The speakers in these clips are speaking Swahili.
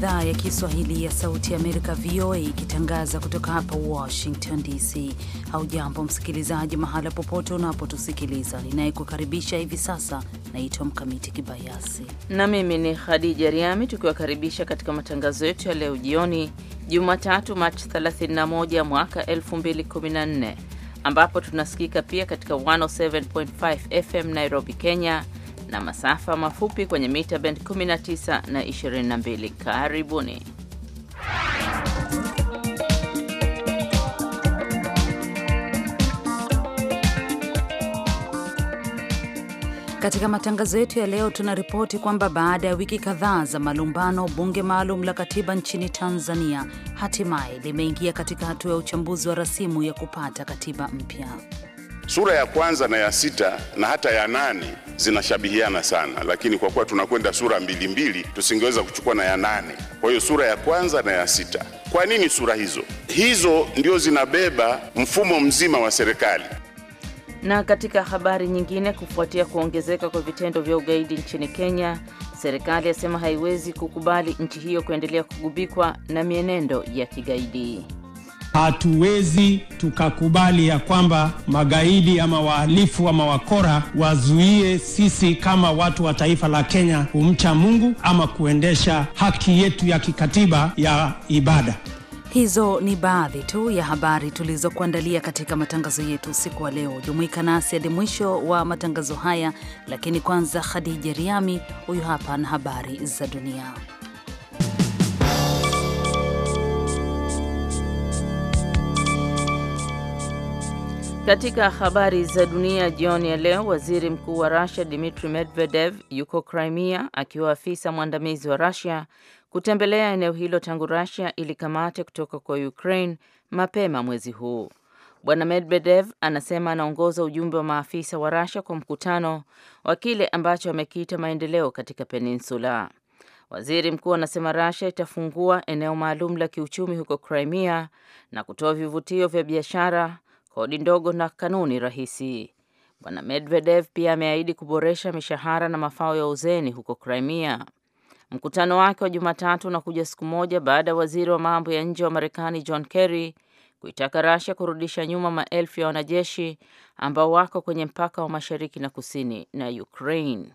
idhaa ya Kiswahili ya Sauti ya Amerika, VOA, ikitangaza kutoka hapa Washington DC. Haujambo msikilizaji, mahala popote unapotusikiliza. Ninayekukaribisha hivi sasa naitwa Mkamiti Kibayasi na mimi ni Khadija Riami, tukiwakaribisha katika matangazo yetu ya leo jioni, Jumatatu Machi 31 mwaka 2014, ambapo tunasikika pia katika 107.5 FM Nairobi, Kenya na masafa mafupi kwenye mita band 19 na 22. Karibuni. Katika matangazo yetu ya leo tuna ripoti kwamba baada ya wiki kadhaa za malumbano, bunge maalum la katiba nchini Tanzania hatimaye limeingia katika hatua ya uchambuzi wa rasimu ya kupata katiba mpya. Sura ya kwanza na ya sita na hata ya nane zinashabihiana sana, lakini kwa kuwa tunakwenda sura mbili mbili, tusingeweza kuchukua na ya nane. Kwa hiyo sura ya kwanza na ya sita. Kwa nini sura hizo? Hizo ndio zinabeba mfumo mzima wa serikali. Na katika habari nyingine, kufuatia kuongezeka kwa vitendo vya ugaidi nchini Kenya, serikali yasema haiwezi kukubali nchi hiyo kuendelea kugubikwa na mienendo ya kigaidi. Hatuwezi tukakubali ya kwamba magaidi ama wahalifu ama wakora wazuie sisi kama watu wa taifa la Kenya kumcha Mungu ama kuendesha haki yetu ya kikatiba ya ibada. Hizo ni baadhi tu ya habari tulizokuandalia katika matangazo yetu usiku wa leo. Jumuika nasi hadi mwisho wa matangazo haya, lakini kwanza, Khadija Riami huyu hapa na habari za dunia. Katika habari za dunia jioni ya leo, waziri mkuu wa rasia dmitri Medvedev yuko Crimea akiwa afisa mwandamizi wa rasia kutembelea eneo hilo tangu rasia ilikamate kutoka kwa Ukraine mapema mwezi huu. Bwana Medvedev anasema anaongoza ujumbe wa maafisa wa Russia kwa mkutano wa kile ambacho amekiita maendeleo katika peninsula. Waziri mkuu anasema Russia itafungua eneo maalum la kiuchumi huko Crimea na kutoa vivutio vya biashara kodi ndogo na kanuni rahisi. Bwana Medvedev pia ameahidi kuboresha mishahara na mafao ya uzeni huko Crimea. Mkutano wake wa Jumatatu unakuja siku moja baada ya waziri wa mambo ya nje wa Marekani John Kerry kuitaka Russia kurudisha nyuma maelfu ya wanajeshi ambao wako kwenye mpaka wa mashariki na kusini na Ukraine.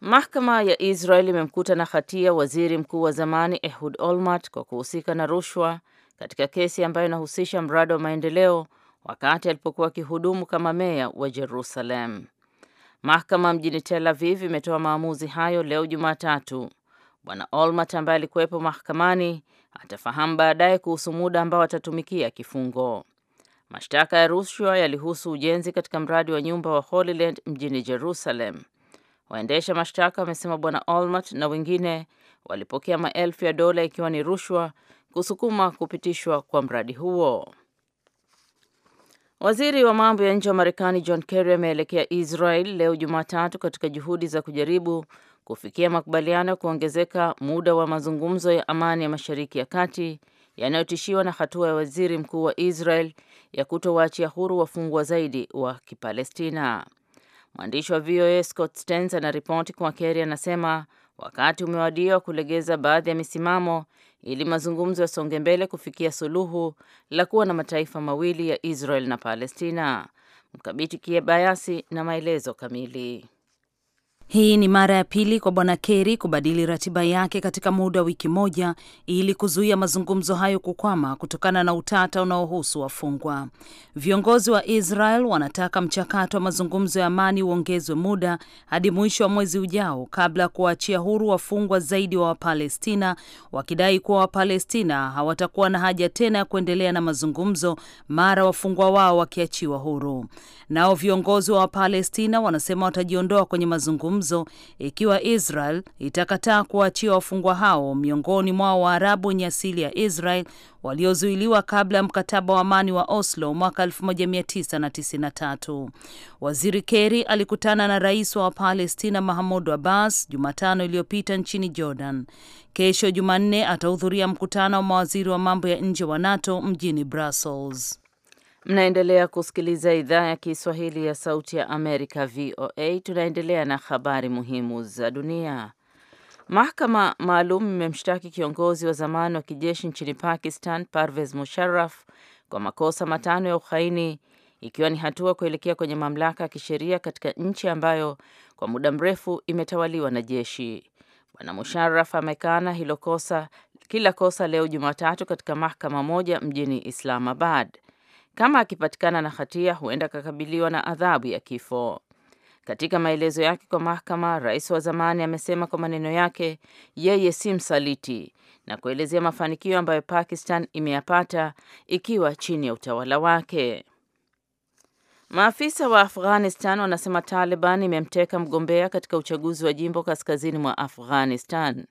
Mahakama ya Israel imemkuta na hatia waziri mkuu wa zamani Ehud Olmert kwa kuhusika na rushwa katika kesi ambayo inahusisha mradi wa maendeleo wakati alipokuwa akihudumu kama meya wa Jerusalem. Mahakama mjini Tel Aviv imetoa maamuzi hayo leo Jumatatu. Bwana Olmert ambaye alikuwepo mahakamani atafahamu baadaye kuhusu muda ambao atatumikia kifungo. Mashtaka ya rushwa yalihusu ujenzi katika mradi wa nyumba wa Holyland mjini Jerusalem. Waendesha mashtaka wamesema Bwana Olmert na wengine walipokea maelfu ya dola ikiwa ni rushwa kusukuma kupitishwa kwa mradi huo. Waziri wa mambo ya nje wa Marekani John Kerry ameelekea Israel leo Jumatatu katika juhudi za kujaribu kufikia makubaliano ya kuongezeka muda wa mazungumzo ya amani ya Mashariki ya Kati yanayotishiwa na hatua ya waziri mkuu wa Israel ya kutowaachia huru wafungwa zaidi wa Kipalestina. Mwandishi wa VOA Scott stens anaripoti kwa Kerry anasema Wakati umewadia wa kulegeza baadhi ya misimamo ili mazungumzo yasonge mbele kufikia suluhu la kuwa na mataifa mawili ya Israel na Palestina. Mkabiti Kiebayasi na maelezo kamili. Hii ni mara ya pili kwa bwana Kerry kubadili ratiba yake katika muda wa wiki moja ili kuzuia mazungumzo hayo kukwama kutokana na utata unaohusu wafungwa. Viongozi wa Israel wanataka mchakato wa mazungumzo ya amani uongezwe muda hadi mwisho wa mwezi ujao kabla ya kuwaachia huru wafungwa zaidi wa Wapalestina, wakidai kuwa Wapalestina hawatakuwa na haja tena ya kuendelea na mazungumzo mara wafungwa wao wakiachiwa huru. Nao viongozi wa Wapalestina wanasema watajiondoa kwenye mazungumzo mazungumzo ikiwa Israel itakataa kuachia wafungwa hao, miongoni mwao Waarabu wenye asili ya Israel waliozuiliwa kabla ya mkataba wa amani wa Oslo mwaka 1993. Waziri Kerry alikutana na rais wa Palestina Mahmud Abbas Jumatano iliyopita nchini Jordan. Kesho Jumanne atahudhuria mkutano wa mawaziri wa mambo ya nje wa NATO mjini Brussels. Mnaendelea kusikiliza idhaa ya Kiswahili ya Sauti ya Amerika, VOA. Tunaendelea na habari muhimu za dunia. Mahakama maalum imemshtaki kiongozi wa zamani wa kijeshi nchini Pakistan, Parvez Musharraf, kwa makosa matano ya uhaini, ikiwa ni hatua kuelekea kwenye mamlaka ya kisheria katika nchi ambayo kwa muda mrefu imetawaliwa na jeshi. Bwana Musharraf amekana hilo kosa, kila kosa leo Jumatatu katika mahakama moja mjini Islamabad. Kama akipatikana na hatia, huenda akakabiliwa na adhabu ya kifo. Katika maelezo yake kwa mahakama, rais wa zamani amesema kwa maneno yake, yeye si msaliti, na kuelezea mafanikio ambayo Pakistan imeyapata ikiwa chini ya utawala wake. Maafisa wa Afghanistan wanasema Taliban imemteka mgombea katika uchaguzi wa jimbo kaskazini mwa Afghanistan.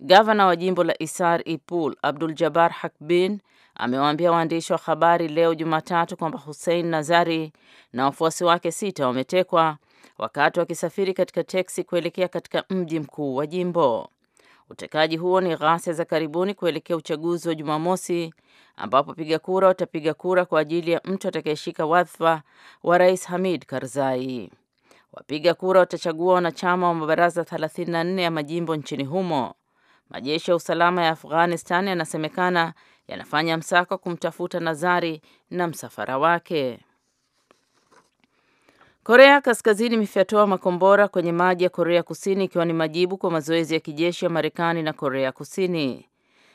Gavana wa jimbo la Isar Ipul Abdul Jabbar Hakbin amewaambia waandishi wa habari leo Jumatatu kwamba Hussein Nazari na wafuasi wake sita wametekwa wakati wakisafiri katika teksi kuelekea katika mji mkuu wa jimbo. Utekaji huo ni ghasia za karibuni kuelekea uchaguzi wa Jumamosi ambapo piga kura watapiga kura kwa ajili ya mtu atakayeshika wadhifa wa Rais Hamid Karzai. Wapiga kura watachagua wanachama wa mabaraza 34 ya majimbo nchini humo. Majeshi ya usalama ya Afghanistan yanasemekana yanafanya msako kumtafuta Nazari na msafara wake. Korea Kaskazini imefyatua makombora kwenye maji ya Korea Kusini ikiwa ni majibu kwa mazoezi ya kijeshi ya Marekani na Korea Kusini.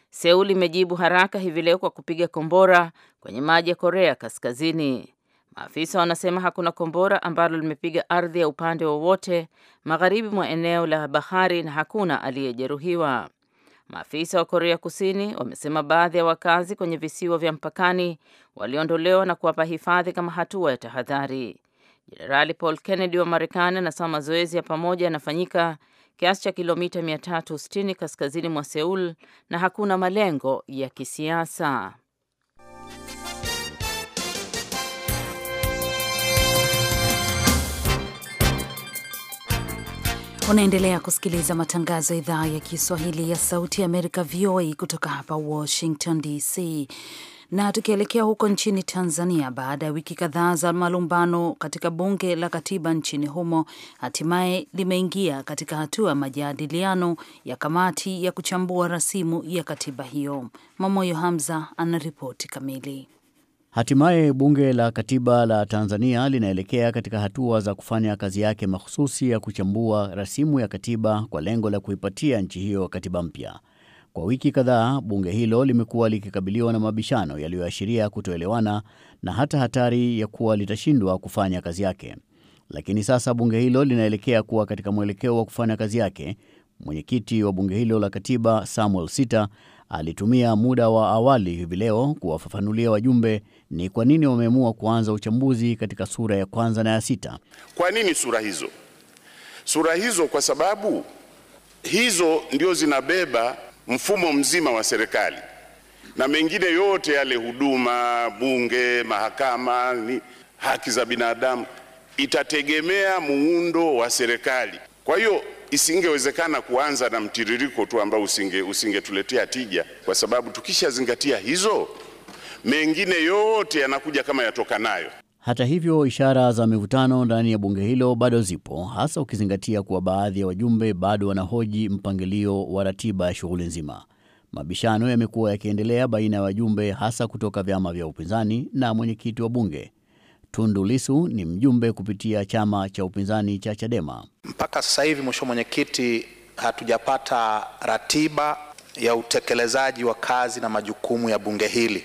Seul imejibu haraka hivi leo kwa kupiga kombora kwenye maji ya Korea Kaskazini. Maafisa wanasema hakuna kombora ambalo limepiga ardhi ya upande wowote magharibi mwa eneo la bahari na hakuna aliyejeruhiwa. Maafisa wa Korea Kusini wamesema baadhi ya wakazi kwenye visiwa vya mpakani waliondolewa na kuwapa hifadhi kama hatua ya tahadhari. Jenerali Paul Kennedy wa Marekani anasema mazoezi ya pamoja yanafanyika kiasi cha kilomita 360 kaskazini mwa Seul na hakuna malengo ya kisiasa. Unaendelea kusikiliza matangazo ya idhaa ya Kiswahili ya Sauti ya Amerika, VOA, kutoka hapa Washington DC. Na tukielekea huko nchini Tanzania, baada ya wiki kadhaa za malumbano katika bunge la katiba nchini humo, hatimaye limeingia katika hatua ya majadiliano ya kamati ya kuchambua rasimu ya katiba hiyo. Mamoyo Hamza anaripoti kamili. Hatimaye Bunge la Katiba la Tanzania linaelekea katika hatua za kufanya kazi yake mahususi ya kuchambua rasimu ya katiba kwa lengo la kuipatia nchi hiyo katiba mpya. Kwa wiki kadhaa, bunge hilo limekuwa likikabiliwa na mabishano yaliyoashiria kutoelewana na hata hatari ya kuwa litashindwa kufanya kazi yake. Lakini sasa bunge hilo linaelekea kuwa katika mwelekeo wa kufanya kazi yake. Mwenyekiti wa bunge hilo la Katiba Samuel Sita alitumia muda wa awali hivi leo kuwafafanulia wajumbe ni kwa nini wameamua kuanza uchambuzi katika sura ya kwanza na ya sita. Kwa nini sura hizo? Sura hizo kwa sababu hizo ndio zinabeba mfumo mzima wa serikali na mengine yote yale, huduma, bunge, mahakama, ni haki za binadamu, itategemea muundo wa serikali. Kwa hiyo isingewezekana kuanza na mtiririko tu ambao usinge usingetuletea tija, kwa sababu tukishazingatia hizo mengine yote yanakuja kama yatokanayo. Hata hivyo, ishara za mivutano ndani ya bunge hilo bado zipo, hasa ukizingatia kuwa baadhi ya wajumbe bado wanahoji mpangilio wa ratiba ya shughuli nzima. Mabishano yamekuwa yakiendelea baina ya wajumbe hasa kutoka vyama vya upinzani na mwenyekiti wa bunge. Tundu Lisu ni mjumbe kupitia chama cha upinzani cha Chadema. Mpaka sasa hivi, mheshimiwa mwenyekiti, hatujapata ratiba ya utekelezaji wa kazi na majukumu ya bunge hili.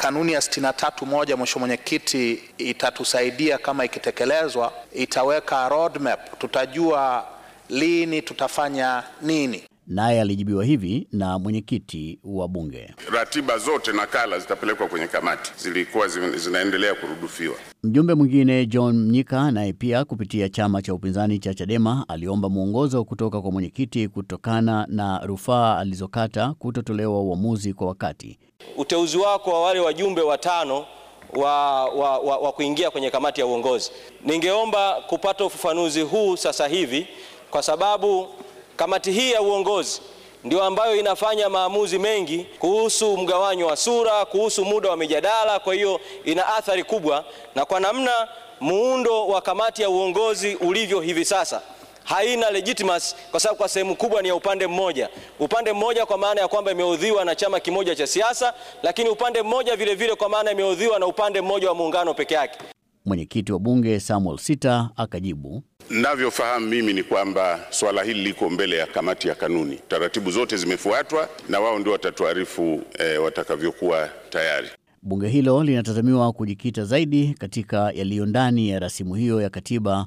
Kanuni ya sitini na tatu moja, Mheshimiwa Mwenyekiti, itatusaidia kama ikitekelezwa, itaweka roadmap, tutajua lini tutafanya nini. Naye alijibiwa hivi na mwenyekiti wa Bunge, ratiba zote nakala zitapelekwa kwenye kamati, zilikuwa zinaendelea kurudufiwa. Mjumbe mwingine John Mnyika naye pia kupitia chama cha upinzani cha Chadema aliomba mwongozo kutoka kwa mwenyekiti kutokana na rufaa alizokata kutotolewa uamuzi kwa wakati uteuzi wako wa wale wajumbe watano wa, wa, wa, wa kuingia kwenye kamati ya uongozi. Ningeomba kupata ufafanuzi huu sasa hivi, kwa sababu kamati hii ya uongozi ndio ambayo inafanya maamuzi mengi kuhusu mgawanyo wa sura, kuhusu muda wa mijadala. Kwa hiyo ina athari kubwa, na kwa namna muundo wa kamati ya uongozi ulivyo hivi sasa haina legitimacy kwa sababu kwa sehemu kubwa ni ya upande mmoja. Upande mmoja kwa maana ya kwamba imeudhiwa na chama kimoja cha siasa, lakini upande mmoja vile vile kwa maana imeudhiwa na upande mmoja wa muungano peke yake. Mwenyekiti wa bunge Samuel Sita akajibu, navyofahamu mimi ni kwamba swala hili liko mbele ya kamati ya kanuni, taratibu zote zimefuatwa na wao ndio watatuarifu e, watakavyokuwa tayari. Bunge hilo linatazamiwa kujikita zaidi katika yaliyo ndani ya rasimu hiyo ya katiba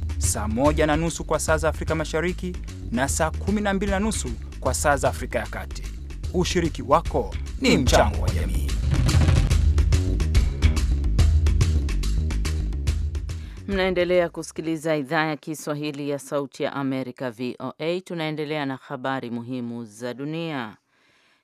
saa moja na nusu kwa saa za Afrika Mashariki na saa kumi na mbili na nusu kwa saa za Afrika ya Kati. Ushiriki wako ni mchango wa jamii. Mnaendelea kusikiliza idhaa ya Kiswahili ya Sauti ya Amerika, VOA. Tunaendelea na habari muhimu za dunia.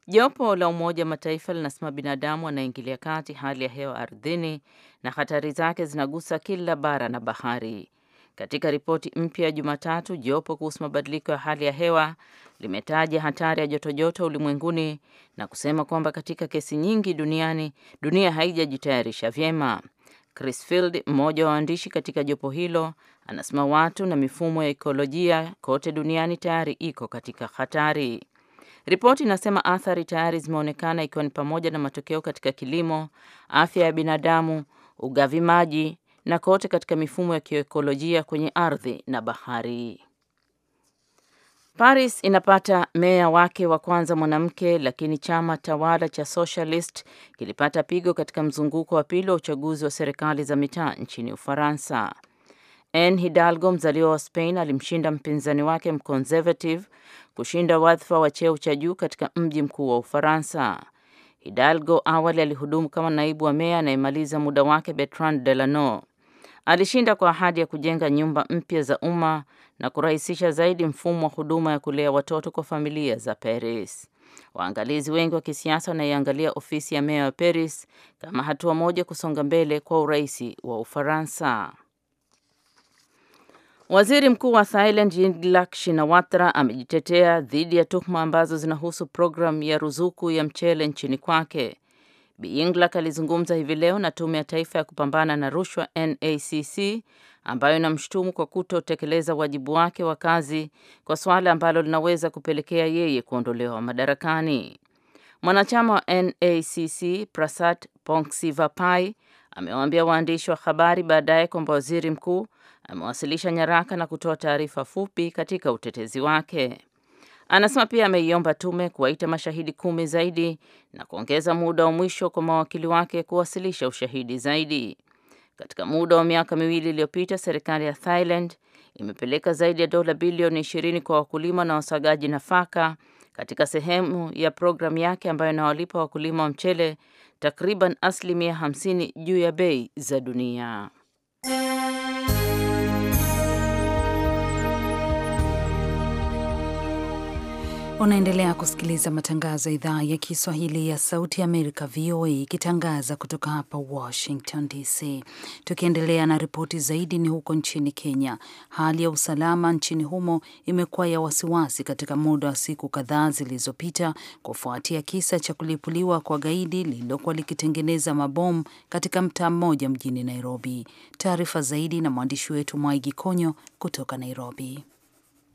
Jopo la Umoja wa Mataifa linasema binadamu anaingilia kati hali ya hewa ardhini na hatari zake zinagusa kila bara na bahari. Katika ripoti mpya Jumatatu, jopo kuhusu mabadiliko ya hali ya hewa limetaja hatari ya jotojoto ulimwenguni na kusema kwamba katika kesi nyingi duniani dunia haijajitayarisha vyema. Chris Field, mmoja wa waandishi katika jopo hilo, anasema watu na mifumo ya ekolojia kote duniani tayari iko katika hatari. Ripoti inasema athari tayari zimeonekana ikiwa ni pamoja na matokeo katika kilimo, afya ya binadamu, ugavi maji na kote katika mifumo ya kiekolojia kwenye ardhi na bahari. Paris inapata meya wake wa kwanza mwanamke, lakini chama tawala cha Socialist kilipata pigo katika mzunguko wa pili wa uchaguzi wa serikali za mitaa nchini Ufaransa. Anne Hidalgo mzaliwa wa Spain alimshinda mpinzani wake mconservative kushinda wadhifa wa cheo cha juu katika mji mkuu wa Ufaransa. Hidalgo awali alihudumu kama naibu wa meya anayemaliza muda wake Bertrand Delano. Alishinda kwa ahadi ya kujenga nyumba mpya za umma na kurahisisha zaidi mfumo wa huduma ya kulea watoto kwa familia za Paris. Waangalizi wengi wa kisiasa wanaiangalia ofisi ya meya wa Paris kama hatua moja kusonga mbele kwa uraisi wa Ufaransa. Waziri Mkuu wa Thailand Yingluck Shinawatra amejitetea dhidi ya tuhuma ambazo zinahusu programu ya ruzuku ya mchele nchini kwake Bi alizungumza hivi leo na tume ya taifa ya kupambana na rushwa NACC ambayo inamshutumu kwa kutotekeleza wajibu wake wa kazi kwa suala ambalo linaweza kupelekea yeye kuondolewa madarakani. Mwanachama wa NACC prasat Pongsivapai amewaambia waandishi wa habari baadaye kwamba waziri mkuu amewasilisha nyaraka na kutoa taarifa fupi katika utetezi wake. Anasema pia ameiomba tume kuwaita mashahidi kumi zaidi na kuongeza muda wa mwisho kwa mawakili wake kuwasilisha ushahidi zaidi. Katika muda wa miaka miwili iliyopita, serikali ya Thailand imepeleka zaidi ya dola bilioni ishirini kwa wakulima na wasagaji nafaka katika sehemu ya programu yake ambayo inawalipa wakulima wa mchele takriban asilimia hamsini juu ya bei za dunia. Unaendelea kusikiliza matangazo ya idhaa ya Kiswahili ya Sauti Amerika, VOA, ikitangaza kutoka hapa Washington DC. Tukiendelea na ripoti zaidi, ni huko nchini Kenya. Hali ya usalama nchini humo imekuwa ya wasiwasi katika muda wa siku kadhaa zilizopita, kufuatia kisa cha kulipuliwa kwa gaidi lililokuwa likitengeneza mabomu katika mtaa mmoja mjini Nairobi. Taarifa zaidi na mwandishi wetu Mwaigi Konyo kutoka Nairobi.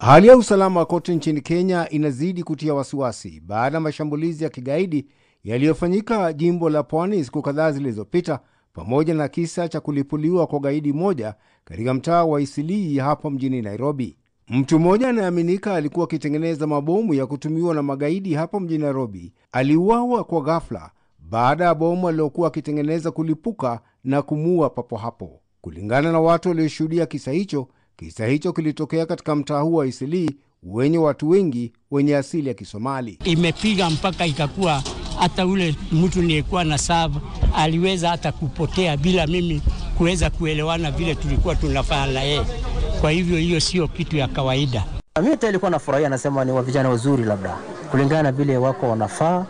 Hali ya usalama kote nchini Kenya inazidi kutia wasiwasi baada ya mashambulizi ya kigaidi yaliyofanyika jimbo la Pwani siku kadhaa zilizopita, pamoja na kisa cha kulipuliwa kwa gaidi moja katika mtaa wa Isilii hapa mjini Nairobi. Mtu mmoja anayeaminika alikuwa akitengeneza mabomu ya kutumiwa na magaidi hapa mjini Nairobi aliuawa kwa ghafla baada ya bomu aliokuwa akitengeneza kulipuka na kumuua papo hapo. Kulingana na watu walioshuhudia kisa hicho, Kisa hicho kilitokea katika mtaa huu wa Isilii wenye watu wengi wenye asili ya Kisomali. Imepiga mpaka ikakuwa hata ule mtu niyekuwa na sava aliweza hata kupotea bila mimi kuweza kuelewana vile tulikuwa tunafaa na yeye. Kwa hivyo hiyo sio kitu ya kawaida. mi ilikuwa na nafurahia, anasema ni wavijana wazuri, labda kulingana na vile wako wanafaa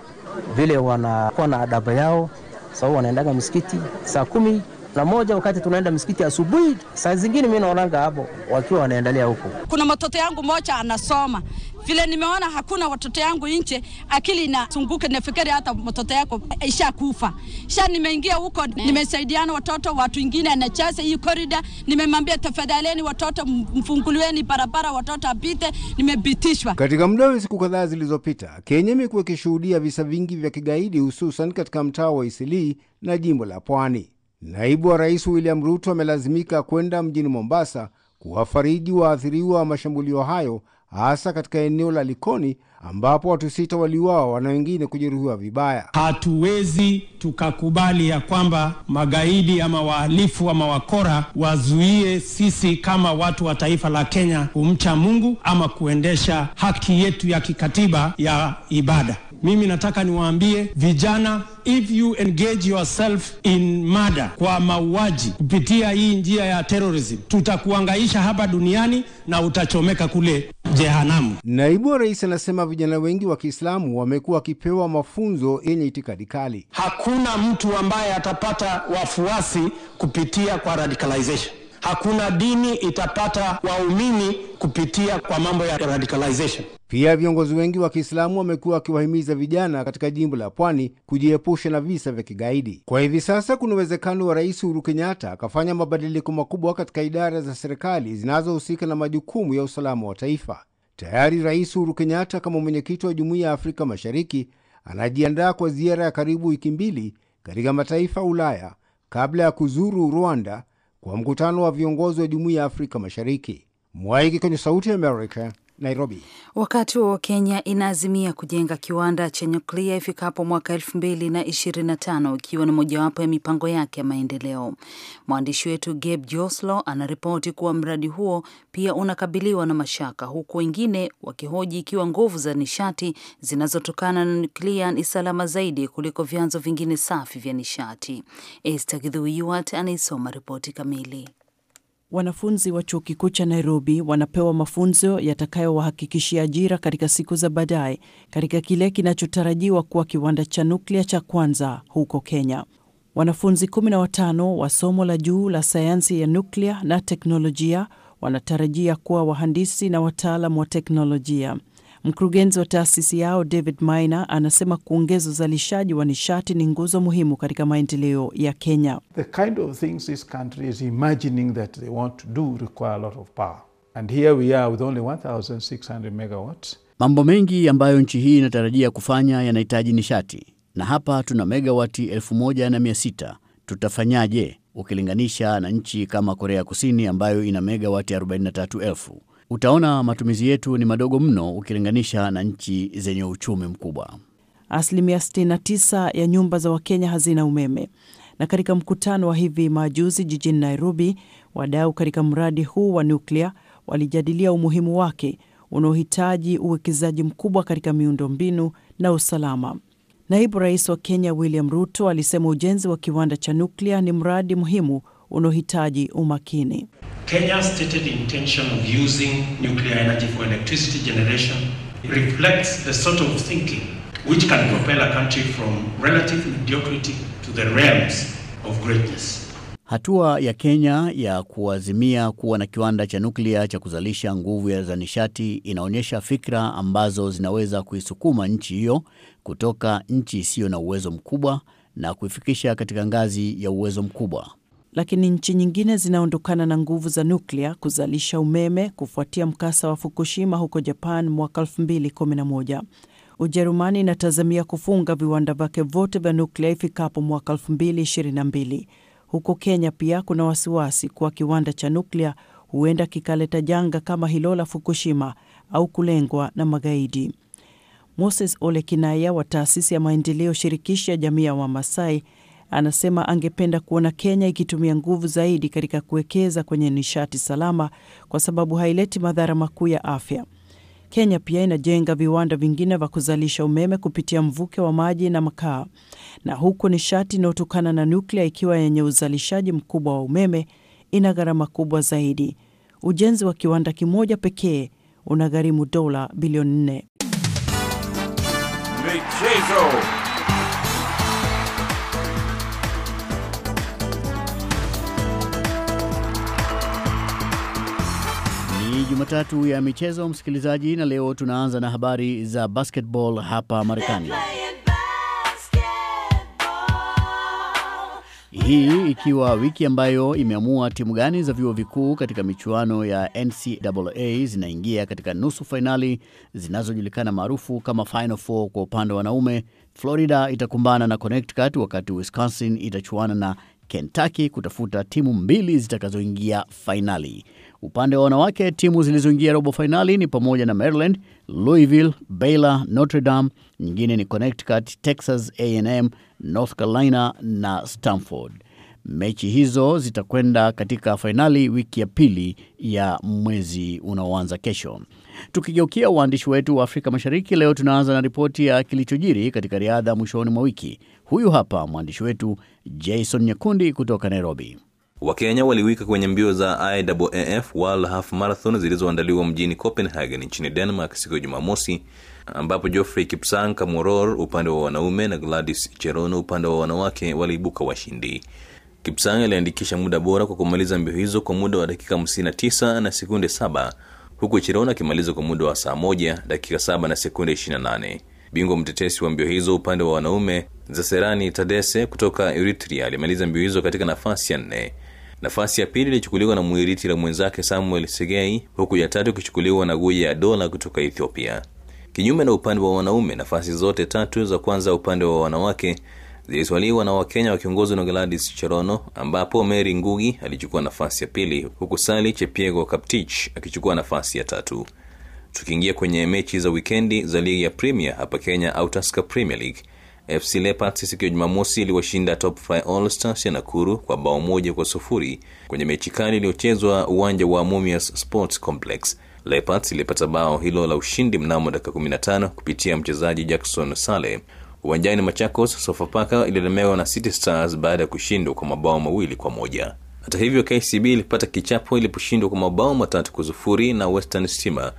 vile wanakuwa na adaba yao, sababu wanaendaga msikiti saa kumi na moja wakati tunaenda msikiti asubuhi, saa zingine mimi naonanga hapo wakiwa wanaendelea huko. Kuna matoto yangu moja anasoma vile nimeona hakuna watoto yangu nje, akili inasunguka, nafikiri hata mtoto yako isha kufa sha. Nimeingia huko, nimesaidiana watoto, watu wengine anacheza hii korida, nimemwambia tafadhalieni, watoto mfungulieni barabara, watoto apite, nimepitishwa. Katika muda wa siku kadhaa zilizopita, Kenya imekuwa ikishuhudia visa vingi vya kigaidi, hususan katika mtaa wa Isilii na jimbo la Pwani. Naibu wa Rais William Ruto amelazimika kwenda mjini Mombasa kuwafariji waathiriwa wa mashambulio hayo hasa katika eneo la Likoni ambapo watu sita waliuawa na wengine kujeruhiwa vibaya. Hatuwezi tukakubali ya kwamba magaidi ama wahalifu ama wakora wazuie sisi kama watu wa taifa la Kenya kumcha Mungu ama kuendesha haki yetu ya kikatiba ya ibada mimi nataka niwaambie vijana, if you engage yourself in murder, kwa mauaji kupitia hii njia ya terrorism, tutakuangaisha hapa duniani na utachomeka kule jehanamu. Naibu wa rais anasema vijana wengi wa Kiislamu wamekuwa wakipewa mafunzo yenye itikadi kali. Hakuna mtu ambaye atapata wafuasi kupitia kwa radicalization. Hakuna dini itapata waumini kupitia kwa mambo ya radicalization. Pia viongozi wengi wa Kiislamu wamekuwa wakiwahimiza vijana katika jimbo la Pwani kujiepusha na visa vya kigaidi. Kwa hivi sasa kuna uwezekano wa Rais Uhuru Kenyatta akafanya mabadiliko makubwa katika idara za serikali zinazohusika na majukumu ya usalama wa taifa. Tayari Rais Uhuru Kenyatta kama mwenyekiti wa Jumuiya ya Afrika Mashariki anajiandaa kwa ziara ya karibu wiki mbili katika mataifa ya Ulaya kabla ya kuzuru Rwanda kwa mkutano wa viongozi wa Jumuiya ya Afrika Mashariki. Mwaiki kwenye Sauti ya Amerika, Nairobi. Wakati huo Kenya inaazimia kujenga kiwanda cha nyuklia ifikapo mwaka 2025 ikiwa ni mojawapo ya mipango yake ya maendeleo. Mwandishi wetu Gabe Joslo anaripoti kuwa mradi huo pia unakabiliwa na mashaka, huku wengine wakihoji ikiwa nguvu za nishati zinazotokana na nyuklia ni salama zaidi kuliko vyanzo vingine safi vya nishati. Esther Githuiwat anaisoma ripoti kamili. Wanafunzi wa chuo kikuu cha Nairobi wanapewa mafunzo yatakayowahakikishia ajira katika siku za baadaye katika kile kinachotarajiwa kuwa kiwanda cha nuklia cha kwanza huko Kenya. Wanafunzi 15 wa somo la juu la sayansi ya nuklia na teknolojia wanatarajia kuwa wahandisi na wataalam wa teknolojia. Mkurugenzi wa taasisi yao David Maina anasema kuongeza uzalishaji wa nishati ni nguzo muhimu katika maendeleo ya Kenya. The kind of things this country is imagining that they want to do require a lot of power. And here we are with only 1600 megawatts. Mambo mengi ambayo nchi hii inatarajia kufanya yanahitaji nishati na hapa tuna megawati 1600. Tutafanyaje ukilinganisha na nchi kama Korea Kusini ambayo ina megawati 43000? utaona matumizi yetu ni madogo mno ukilinganisha na nchi zenye uchumi mkubwa. Asilimia 69 ya nyumba za Wakenya hazina umeme. Na katika mkutano wa hivi majuzi jijini Nairobi, wadau katika mradi huu wa nuklia walijadilia umuhimu wake unaohitaji uwekezaji mkubwa katika miundombinu na usalama. Naibu Rais wa Kenya William Ruto alisema ujenzi wa kiwanda cha nuklia ni mradi muhimu unaohitaji umakini. stated intention of using nuclear energy for electricity generation reflects the sort of thinking which can propel a country from relative mediocrity to the realms of greatness. Hatua ya Kenya ya kuazimia kuwa na kiwanda cha nuklia cha kuzalisha nguvu za nishati inaonyesha fikra ambazo zinaweza kuisukuma nchi hiyo kutoka nchi isiyo na uwezo mkubwa na kuifikisha katika ngazi ya uwezo mkubwa lakini nchi nyingine zinaondokana na nguvu za nuklia kuzalisha umeme kufuatia mkasa wa Fukushima huko Japan mwaka 2011. Ujerumani inatazamia kufunga viwanda vyake vyote vya nuklia ifikapo mwaka 2022. Huko Kenya pia kuna wasiwasi kuwa kiwanda cha nuklia huenda kikaleta janga kama hilo la Fukushima au kulengwa na magaidi. Moses Ole Kinaya wa taasisi ya maendeleo shirikishi ya jamii ya Wamasai anasema angependa kuona Kenya ikitumia nguvu zaidi katika kuwekeza kwenye nishati salama kwa sababu haileti madhara makuu ya afya. Kenya pia inajenga viwanda vingine vya kuzalisha umeme kupitia mvuke wa maji na makaa, na huku nishati inayotokana na nuklia ikiwa yenye uzalishaji mkubwa wa umeme, ina gharama kubwa zaidi. Ujenzi wa kiwanda kimoja pekee unagharimu dola bilioni nne. Michezo. Jumatatu ya michezo, msikilizaji, na leo tunaanza na habari za basketball hapa Marekani. Hii ikiwa wiki ambayo imeamua timu gani za vyuo vikuu katika michuano ya NCAA zinaingia katika nusu fainali zinazojulikana maarufu kama Final Four. Kwa upande wa wanaume, Florida itakumbana na Connecticut, wakati Wisconsin itachuana na Kentucky kutafuta timu mbili zitakazoingia fainali. Upande wa wanawake, timu zilizoingia robo fainali ni pamoja na Maryland, Louisville, Baylor, Notre Dame, nyingine ni Connecticut, Texas A&M, North Carolina na Stanford. Mechi hizo zitakwenda katika fainali wiki ya pili ya mwezi unaoanza kesho. Tukigeukia waandishi wetu wa Afrika Mashariki, leo tunaanza na ripoti ya kilichojiri katika riadha mwishoni mwa wiki. Huyu hapa mwandishi wetu Jason Nyakundi kutoka Nairobi. Wakenya waliwika kwenye mbio za IAAF World Half Marathon zilizoandaliwa mjini Copenhagen nchini Denmark siku ya Jumamosi, ambapo Geoffrey Kipsang kamoror upande wa wanaume na Gladys Cherono upande wa wanawake waliibuka washindi. Kipsang aliandikisha muda bora kwa kumaliza mbio hizo kwa muda wa dakika 59 na sekunde 7 huku Cherono akimaliza kwa muda wa saa moja dakika 7 na sekunde 28. Bingwa mtetesi wa mbio hizo upande wa wanaume Zaserani Tadese kutoka Eritrea alimaliza mbio hizo katika nafasi ya nne nafasi ya pili ilichukuliwa na mwiriti la mwenzake samuel segei huku ya tatu ikichukuliwa na guya ya dola kutoka ethiopia kinyume na upande wa wanaume nafasi zote tatu za kwanza upande wa wanawake zilitwaliwa na wakenya wakiongozwa na gladis cherono ambapo mary ngugi alichukua nafasi ya pili huku sali chepiego kaptich akichukua nafasi ya tatu tukiingia kwenye mechi za wikendi za ligi ya premier hapa kenya au taska premier league FC Leopards siku ya Jumamosi iliwashinda Top Fry All Stars ya Nakuru kwa bao moja kwa sufuri kwenye mechi kali iliyochezwa uwanja wa Mumias Sports Complex. Leopards ilipata bao hilo la ushindi mnamo dakika 15 kupitia mchezaji Jackson Sale. Uwanjani Machakos, Sofapaka ililemewa na City Stars baada ya kushindwa kwa mabao mawili kwa moja. Hata hivyo, KCB ilipata kichapo iliposhindwa kwa mabao matatu kwa sufuri na Western Stima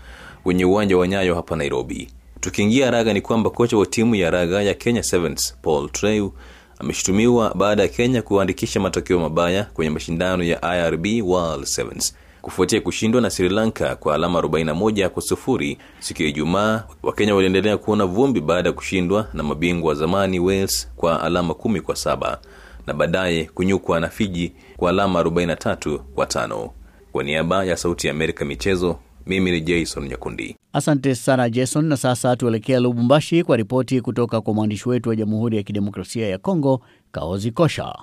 kwenye uwanja wa Nyayo hapa Nairobi tukiingia raga ni kwamba kocha wa timu ya raga ya kenya sevens paul treu ameshutumiwa baada ya kenya kuandikisha matokeo mabaya kwenye mashindano ya irb world sevens kufuatia kushindwa na sri lanka kwa alama 41 kwa sufuri siku ya ijumaa wakenya waliendelea kuona vumbi baada ya kushindwa na mabingwa wa zamani wales kwa alama 1 kwa saba na baadaye kunyukwa na fiji kwa alama 43 kwa tano kwa niaba ya sauti ya amerika michezo mimi ni Jason Nyakundi. Asante sana Jason, na sasa tuelekea Lubumbashi kwa ripoti kutoka kwa mwandishi wetu wa Jamhuri ya Kidemokrasia ya congo Kaozi Kosha.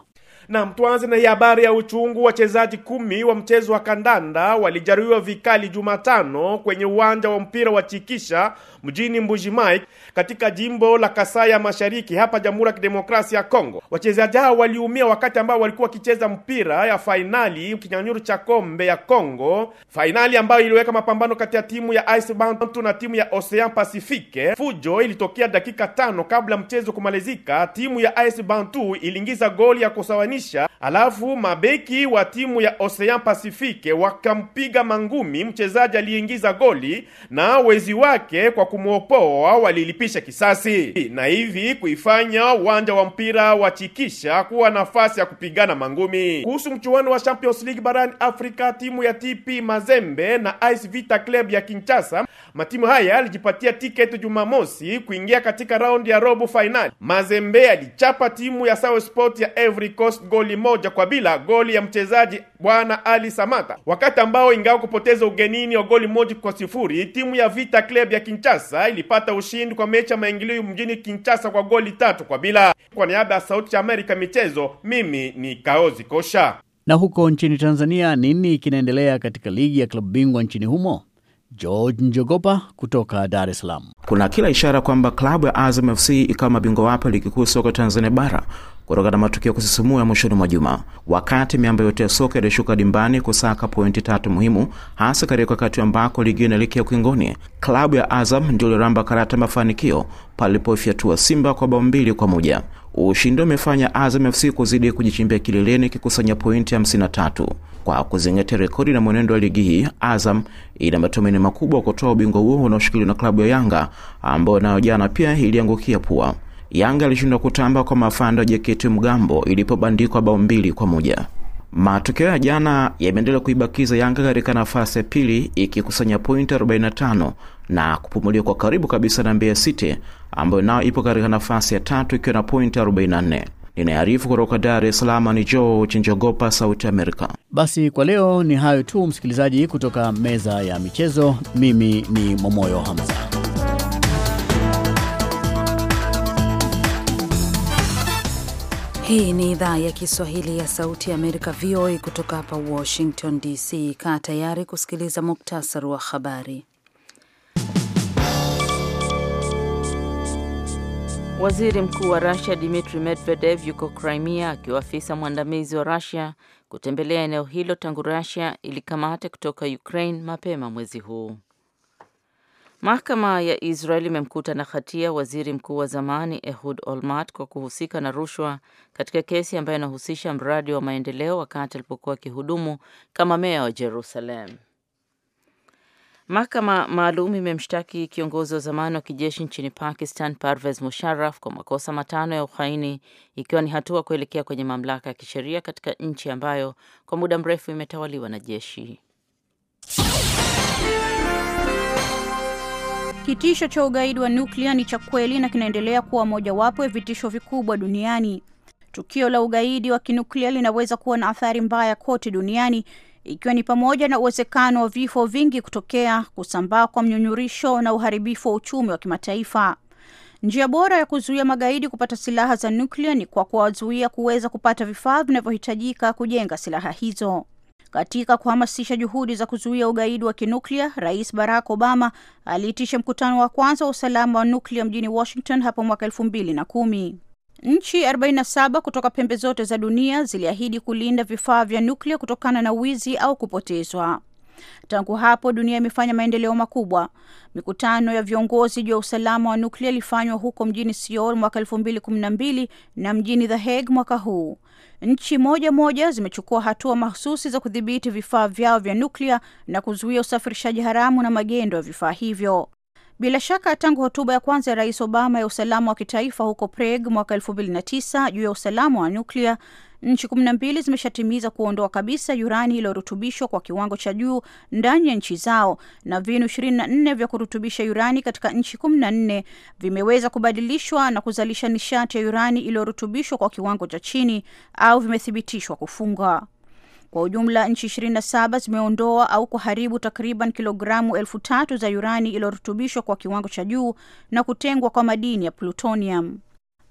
Nam, tuanze na hii habari ya uchungu. Wachezaji kumi wa mchezo wa kandanda walijeruhiwa vikali Jumatano kwenye uwanja wa mpira wa Chikisha mjini Mbujimai katika jimbo la Kasai ya Mashariki hapa Jamhuri ya Kidemokrasia ya Kongo. Wachezaji hao waliumia wakati ambao walikuwa wakicheza mpira ya fainali kinyanyuru cha kombe ya Kongo, fainali ambayo iliweka mapambano kati ya timu ya Ice Bantu na timu ya Ocean Pacifique. Fujo ilitokea dakika tano kabla mchezo kumalizika, timu ya Ice Bantu iliingiza goli ya kusawanisha kupiganisha, alafu mabeki wa timu ya Ocean Pacifique wakampiga mangumi mchezaji aliyeingiza goli, na wezi wake kwa kumwopoa walilipisha kisasi na hivi kuifanya uwanja wa mpira wa Chikisha kuwa nafasi ya kupigana mangumi. Kuhusu mchuano wa Champions League barani Afrika, timu ya TP Mazembe na AS Vita Club ya Kinshasa, matimu haya alijipatia tiketi Jumamosi kuingia katika raundi ya robo fainali. Mazembe alichapa timu ya South Sport ya Ivory Coast goli moja kwa bila, goli ya mchezaji Bwana Ali Samata, wakati ambao ingawa kupoteza ugenini wa goli moja kwa sifuri, timu ya Vita Club ya Kinshasa ilipata ushindi kwa mechi ya maingilio mjini Kinshasa kwa goli tatu kwa bila. Kwa niaba ya Sauti ya Amerika michezo, mimi ni Kaozi Kosha. Na huko nchini Tanzania, nini kinaendelea katika ligi ya klabu bingwa nchini humo? George Njogopa kutoka Dar es Salaam. Kuna kila ishara kwamba klabu ya Azam FC ikawa mabingwa wapya ligi kuu soka Tanzania bara kutokana na matukio kusisimua mwishoni mwa juma, wakati miamba yote ya soka ilishuka dimbani kusaka pointi tatu muhimu, hasa katika wakati ambako ligi inaelekea ukingoni. Klabu ya Azam ndio ilioramba karata mafanikio palipofyatua Simba kwa bao mbili kwa moja. Ushindi umefanya Azam FC kuzidi kujichimbia kileleni kikusanya pointi 53. Kwa kuzingatia rekodi na mwenendo wa ligi hii, Azam ina matumaini makubwa kutoa ubingwa huo unaoshikiliwa na klabu ya Yanga ambayo nayo jana pia iliangukia pua. Yanga alishindwa kutamba kwa mafando jeketi Mgambo ilipobandikwa bao mbili kwa moja. Matokeo ya jana yameendelea kuibakiza Yanga katika nafasi ya pili ikikusanya pointi 45 na kupumuliwa kwa karibu kabisa na Mbeya City ambayo nao ipo katika nafasi ya tatu ikiwa na pointi 44. Ninayarifu kutoka Dar es Salaam ni George Njogopa, Sauti Amerika. Basi kwa leo ni hayo tu, msikilizaji, kutoka meza ya michezo. Mimi ni Momoyo Hamza. Hii ni idhaa ya Kiswahili ya Sauti ya Amerika, VOA, kutoka hapa Washington DC. Kaa tayari kusikiliza muktasari wa habari. Waziri Mkuu wa Rusia Dmitri Medvedev yuko Crimea akiwa afisa mwandamizi wa Rusia kutembelea eneo hilo tangu Rusia ilikamate kutoka Ukraine mapema mwezi huu. Mahakama ya Israel imemkuta na hatia waziri mkuu wa zamani Ehud Olmert kwa kuhusika na rushwa katika kesi ambayo inahusisha mradi wa maendeleo wakati alipokuwa akihudumu kama meya wa Jerusalem. Mahakama maalum imemshtaki kiongozi wa zamani wa kijeshi nchini Pakistan Parvez Musharraf kwa makosa matano ya uhaini ikiwa ni hatua kuelekea kwenye mamlaka ya kisheria katika nchi ambayo kwa muda mrefu imetawaliwa na jeshi. Kitisho cha ugaidi wa nuklia ni cha kweli na kinaendelea kuwa mojawapo ya vitisho vikubwa duniani. Tukio la ugaidi wa kinuklia linaweza kuwa na athari mbaya kote duniani, ikiwa ni pamoja na uwezekano wa vifo vingi kutokea, kusambaa kwa mnyunyurisho na uharibifu wa uchumi wa kimataifa. Njia bora ya kuzuia magaidi kupata silaha za nuklia ni kwa kuwazuia kuweza kupata vifaa vinavyohitajika kujenga silaha hizo. Katika kuhamasisha juhudi za kuzuia ugaidi wa kinuklia, Rais Barack Obama aliitisha mkutano wa kwanza wa usalama wa nuklia mjini Washington hapo mwaka elfu mbili na kumi. Nchi 47 kutoka pembe zote za dunia ziliahidi kulinda vifaa vya nuklia kutokana na wizi au kupotezwa. Tangu hapo dunia imefanya maendeleo makubwa. Mikutano ya viongozi juu ya usalama wa nuklia ilifanywa huko mjini Seoul mwaka elfu mbili kumi na mbili na mjini The Hague mwaka huu. Nchi moja moja zimechukua hatua mahususi za kudhibiti vifaa vyao vya nuklia na kuzuia usafirishaji haramu na magendo ya vifaa hivyo. Bila shaka tangu hotuba ya kwanza ya Rais Obama ya usalama wa kitaifa huko Prague mwaka elfu mbili na tisa juu ya usalama wa nuklia, Nchi kumi na mbili zimeshatimiza kuondoa kabisa urani iliyorutubishwa kwa kiwango cha juu ndani ya nchi zao, na vinu ishirini na nne vya kurutubisha urani katika nchi kumi na nne vimeweza kubadilishwa na kuzalisha nishati ya urani iliyorutubishwa kwa kiwango cha chini au vimethibitishwa kufunga. Kwa ujumla nchi 27 zimeondoa au kuharibu takriban kilogramu elfu tatu za urani iliyorutubishwa kwa kiwango cha juu na kutengwa kwa madini ya plutonium.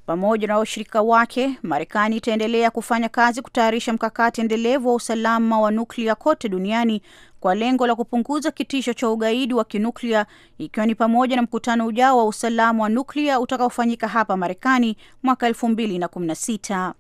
Pamoja na washirika wake, Marekani itaendelea kufanya kazi kutayarisha mkakati endelevu wa usalama wa nuklia kote duniani kwa lengo la kupunguza kitisho cha ugaidi wa kinuklia, ikiwa ni pamoja na mkutano ujao wa usalama wa nuklia utakaofanyika hapa Marekani mwaka elfu mbili na kumi na sita.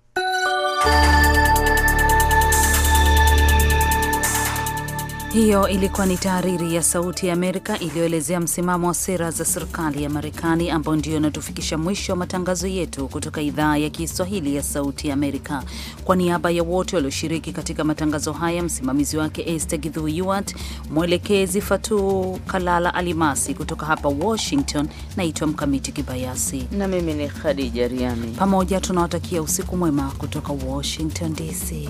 Hiyo ilikuwa ni tahariri ya Sauti ya Amerika iliyoelezea msimamo wa sera za serikali ya Marekani, ambao ndio inatufikisha mwisho wa matangazo yetu kutoka idhaa ya Kiswahili ya Sauti ya Amerika. Kwa niaba ya wote walioshiriki katika matangazo haya, msimamizi wake Esther Githuiwat, mwelekezi Fatu Kalala Alimasi. Kutoka hapa Washington, naitwa Mkamiti Kibayasi na mimi ni Khadija Riami. Pamoja tunawatakia usiku mwema kutoka Washington DC.